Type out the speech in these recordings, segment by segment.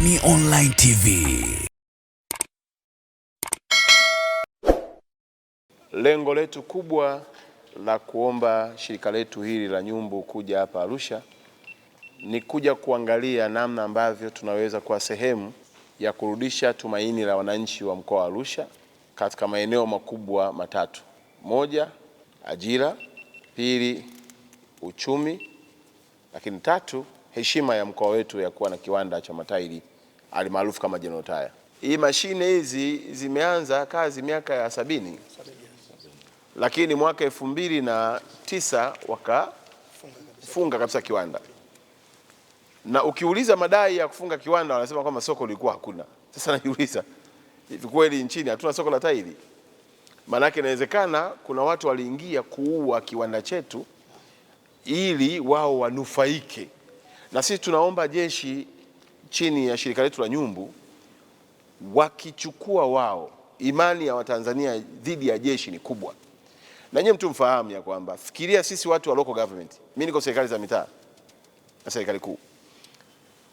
Boni Online TV. Lengo letu kubwa la kuomba shirika letu hili la Nyumbu kuja hapa Arusha ni kuja kuangalia namna ambavyo tunaweza kuwa sehemu ya kurudisha tumaini la wananchi wa mkoa wa Arusha katika maeneo makubwa matatu: moja, ajira; pili, uchumi; lakini tatu heshima ya mkoa wetu ya kuwa na kiwanda cha matairi alimaarufu kama General Tyre. Hii mashine hizi zimeanza kazi miaka ya sabini, lakini mwaka elfu mbili na tisa wakafunga kabisa kiwanda, na ukiuliza madai ya kufunga kiwanda wanasema kwamba soko lilikuwa hakuna. Sasa najiuliza hivi, kweli nchini hatuna soko la tairi? Maanake inawezekana kuna watu waliingia kuua kiwanda chetu ili wao wanufaike. Na sisi tunaomba jeshi chini ya shirika letu la Nyumbu wakichukua wao, imani ya Watanzania dhidi ya jeshi ni kubwa, na nyinyi mtu mfahamu ya kwamba, fikiria sisi watu wa local government, mimi niko serikali za mitaa na serikali kuu,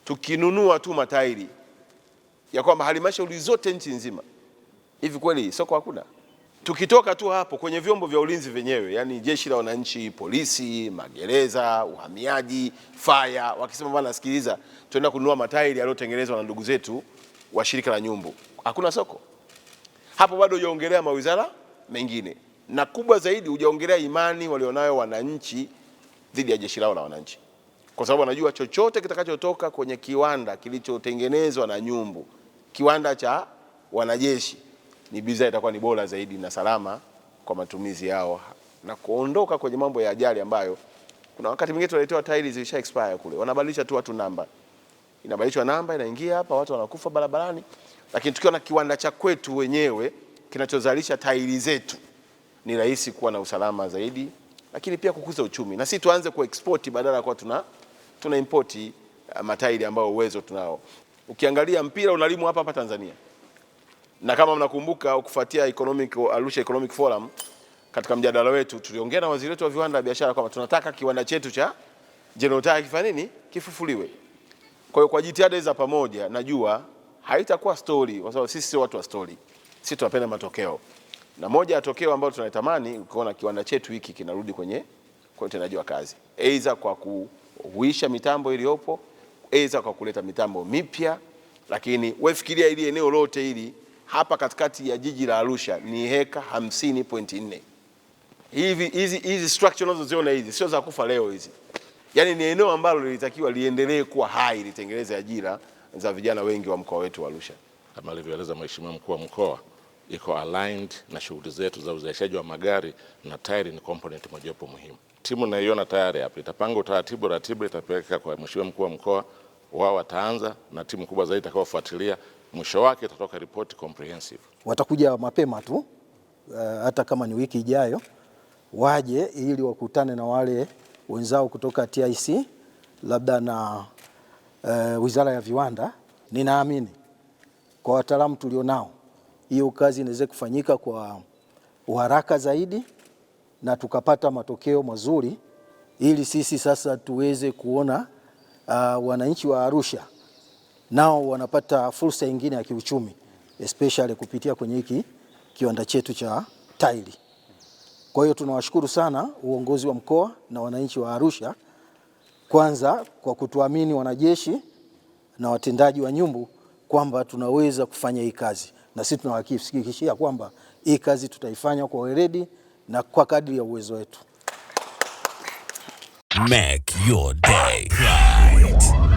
tukinunua tu matairi ya kwamba halmashauri zote nchi nzima, hivi kweli soko hakuna? Tukitoka tu hapo kwenye vyombo vya ulinzi vyenyewe, yani jeshi la wananchi, polisi, magereza, uhamiaji, faya, wakisema bwana, sikiliza, tuenda kununua matairi yaliyotengenezwa na ndugu zetu wa shirika la Nyumbu, hakuna soko hapo. Bado hujaongelea mawizara mengine, na kubwa zaidi hujaongelea imani walionayo wananchi dhidi ya jeshi lao la wananchi, kwa sababu wanajua chochote kitakachotoka kwenye kiwanda kilichotengenezwa na Nyumbu, kiwanda cha wanajeshi ni bidhaa itakuwa ni bora zaidi na salama kwa matumizi yao na kuondoka kwenye mambo ya ajali ambayo kuna wakati mwingine tunaletewa tairi zilisha expire kule, wanabadilisha tu watu namba, inabadilishwa namba, inaingia hapa, watu wanakufa barabarani. Lakini tukiwa na kiwanda cha kwetu wenyewe kinachozalisha tairi zetu, ni rahisi kuwa na usalama zaidi, lakini pia kukuza uchumi, na si tuanze ku export badala ya kuwa tuna, tuna import eh, matairi ambayo uwezo tunao. Ukiangalia mpira unalimwa hapa hapa Tanzania na kama mnakumbuka, kufuatia economic Arusha Economic Forum, katika mjadala wetu tuliongea na waziri wetu wa viwanda na biashara kwamba tunataka kiwanda chetu cha General Tyre kifanye nini, kifufuliwe. Kwa hiyo kwa jitihada za pamoja, najua haitakuwa story, kwa sababu sisi sio watu wa story, sisi tunapenda matokeo, na moja ya tokeo ambalo tunatamani ukiona kiwanda chetu hiki kinarudi kwenye kwa utendaji wa kazi, aidha kwa kuhuisha mitambo iliyopo, aidha kwa kuleta mitambo mipya, lakini wefikiria ili eneo lote hili hapa katikati ya jiji la Arusha ni heka 50.4. Hivi hizi hizi structure unazoziona hizi sio za kufa leo hizi, yaani ni eneo ambalo lilitakiwa liendelee kuwa hai, litengeneze ajira za vijana wengi wa mkoa wetu wa Arusha. Kama alivyoeleza Mheshimiwa mkuu wa mkoa, iko aligned na shughuli zetu za uzalishaji wa magari na tairi ni component mojawapo muhimu. Timu naiona tayari hapa, itapanga utaratibu, ratiba itapeleka kwa Mheshimiwa mkuu wa mkoa, wao wataanza na timu kubwa zaidi itakayofuatilia mwisho wake itatoka ripoti comprehensive. Watakuja mapema tu uh, hata kama ni wiki ijayo waje ili wakutane na wale wenzao kutoka TIC labda na uh, Wizara ya Viwanda. Ninaamini kwa wataalamu tulionao hiyo kazi inaweza kufanyika kwa uharaka zaidi na tukapata matokeo mazuri ili sisi sasa tuweze kuona uh, wananchi wa Arusha nao wanapata fursa nyingine ya kiuchumi especially kupitia kwenye hiki kiwanda chetu cha tairi. Kwa hiyo tunawashukuru sana uongozi wa mkoa na wananchi wa Arusha kwanza kwa kutuamini wanajeshi na watendaji wa nyumbu kwamba tunaweza kufanya hii kazi, na sisi tunawahakikishia kwamba hii kazi tutaifanya kwa weledi na kwa kadri ya uwezo wetu. Make your day right.